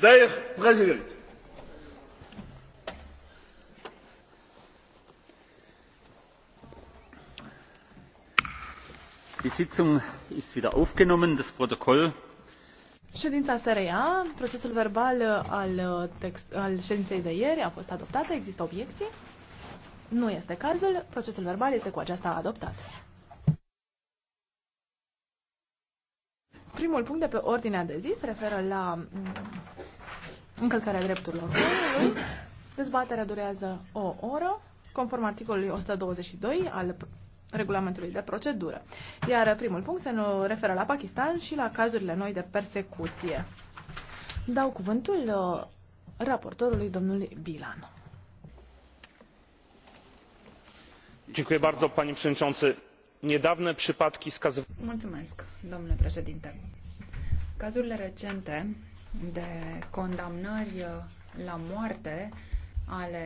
Dear President, Die Sitzung ist wieder aufgenommen. Das Protokoll. Ședința se reia. Procesul verbal al, text, al ședinței de ieri a fost adoptat. Există obiecții? Nu este cazul. Procesul verbal este cu aceasta adoptat. Primul punct de pe ordinea de zi se referă la mm, încălcarea drepturilor omului. Dezbaterea durează o oră, conform articolului 122 al regulamentului de procedură. Iar primul punct se referă la Pakistan și la cazurile noi de persecuție. Dau cuvântul uh, raportorului domnului Bilan. Dziękuję bardzo, panie przewodniczący. Niedawne przypadki skazywania. Mulțumesc, domnule președinte. Cazurile recente de condamnări la moarte ale